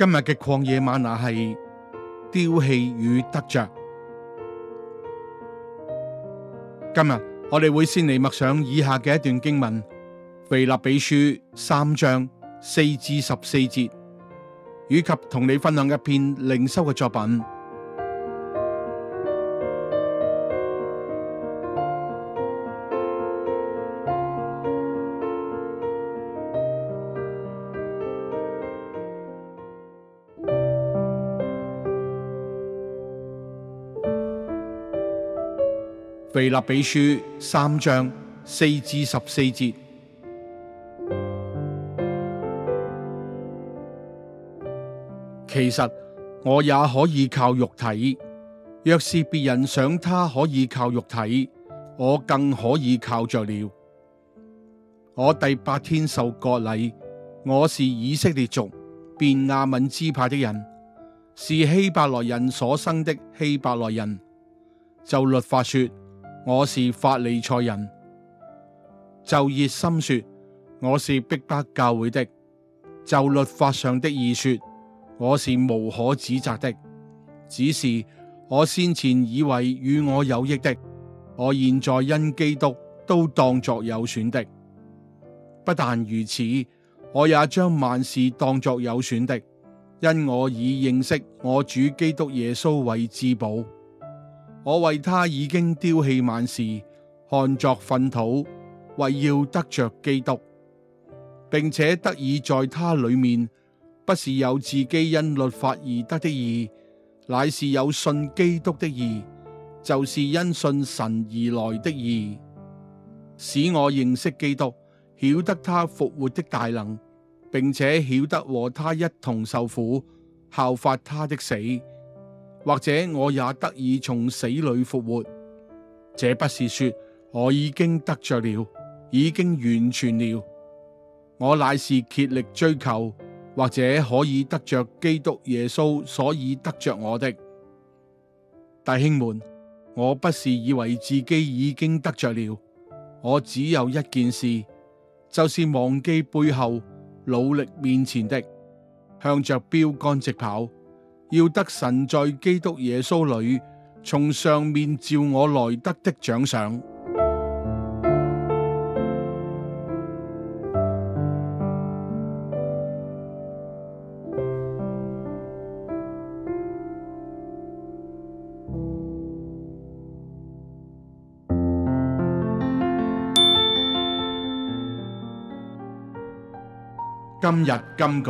今日嘅曠野嗎哪係丟棄與得着。今日我哋會先嚟默想以下嘅一段經文，腓立比書三章四至十四節，以及同你分享一篇靈修嘅作品。腓立比書三章四至十四節，其實我也可以靠肉體。若是別人想他可以靠肉體，我更可以靠着了。我第八天受割禮，我是以色列族，便雅憫、支派的人，是希伯來人所生的希伯來人。就律法說。我是法利賽人，就熱心說，我是逼迫不教會的；就律法上的義說，我是無可指責的。只是我先前以為與我有益的，我現在因基督都當作有損的。不但如此，我也將萬事當作有損的，因我已認識我主基督耶穌為至寶。我為他已經丟棄萬事，看作糞土，為要得着基督，並且得以在他裏面，不是有自己因律法而得的義，乃是有信基督的義，就是因信神而來的義，使我認識基督，曉得他復活的大能，並且曉得和他一同受苦，效法他的死。或者我也得以從死裏復活。這不是說我已經得着了，已經完全了。我乃是竭力追求，或者可以得着基督耶穌，所以得着我的。弟兄們，我不是以為自己已經得着了，我只有一件事，就是忘記背後，努力面前的，向着標杆直跑。要得神在基督耶穌裏，從上面召我來得的獎賞。今日金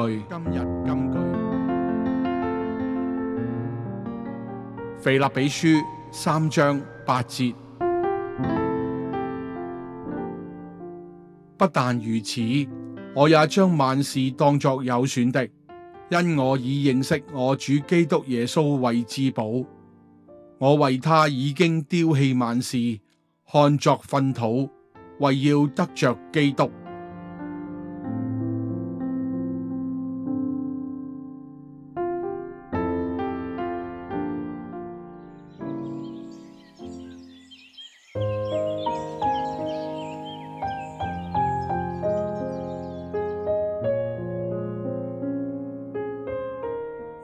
句。腓立比書三章八節， 不但如此，我也將萬事當作有損的，因我已認識我主基督耶穌為至寶。我為他已經丟棄萬事，看作糞土，為要得着基督。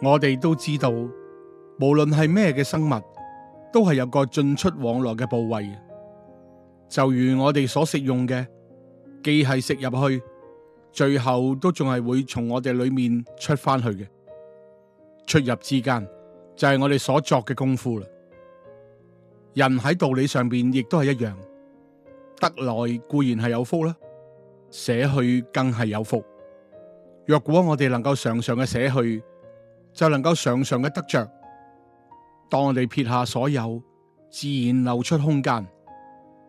我哋都知道，無論係咩嘅生物，都係有個進出往來嘅部位。就如我哋所食用嘅，既係食入去，最後都仲係會從我哋裏面出翻去嘅。出入之間，就係我哋所作嘅功夫啦。人喺道理上邊亦都係一樣，得來固然係有福啦，捨去更係有福。若果我哋能夠常常嘅捨去。就能夠常常嘅得着。當我哋撇下所有，自然流出空間，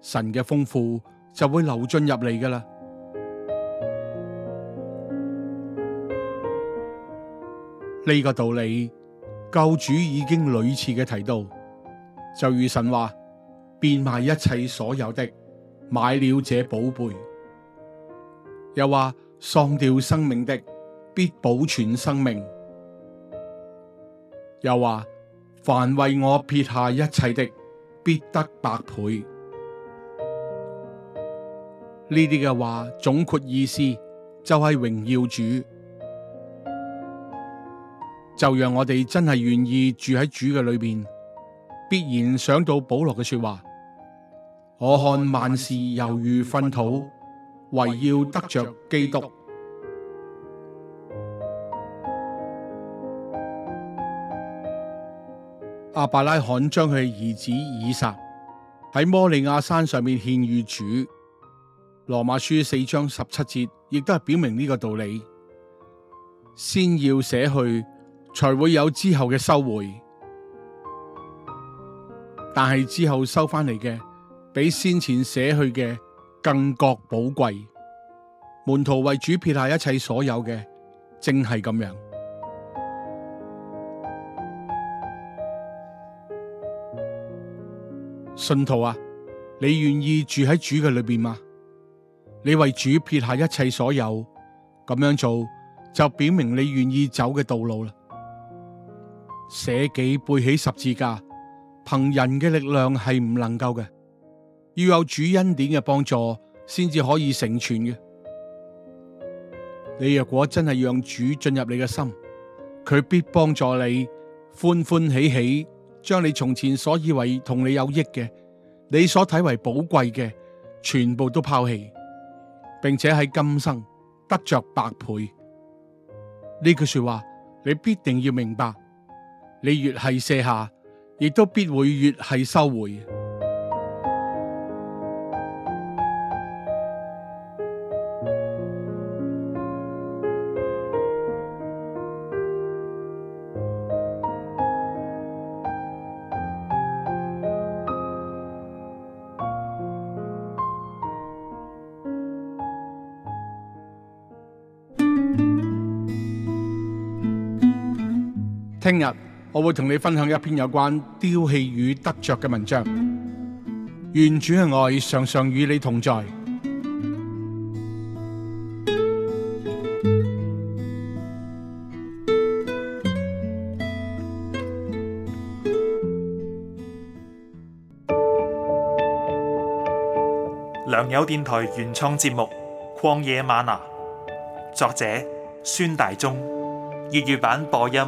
神嘅豐富就會流進入嚟噶啦。呢個道理，救主已經屢次嘅提到。就如神話變賣一切所有的，買了這寶貝；又話喪掉生命的，必保存生命。又話凡為我撇下一切的，必得百倍。呢啲嘅話，總括意思就係榮耀主，就讓我哋真係願意住喺主嘅裏邊，必然想到保羅嘅說話：我看萬事猶如糞土，唯要得着基督。亞伯拉罕將佢兒子以撒喺摩利亞山上面獻與主。羅馬書四章十七節亦都係表明呢個道理：先要捨去，才會有之後嘅收回；但係之後收翻嚟嘅，比先前捨去嘅更覺寶貴。門徒為主撇下一切所有嘅，正係咁樣。信徒啊，你願意住喺主嘅裏面嗎？你為主撇下一切所有，咁樣做就表明你願意走嘅道路啦。捨己背起十字架，憑人嘅力量係唔能夠嘅，要有主恩典嘅幫助先至可以成全嘅。你若果真係讓主進入你嘅心，佢必幫助你歡歡喜喜。將你從前所以為同你有益嘅，你所睇為寶貴嘅，全部都拋棄，並且喺今生得着百倍。呢句說話，你必定要明白，你越係卸下，亦都必會越係收回。聽日我會同你分享一篇有關丟棄與得着嘅文章。原主嘅愛常常與你同在。良友電台原創節目《曠野嗎哪》，作者孫大中，粵語版播音。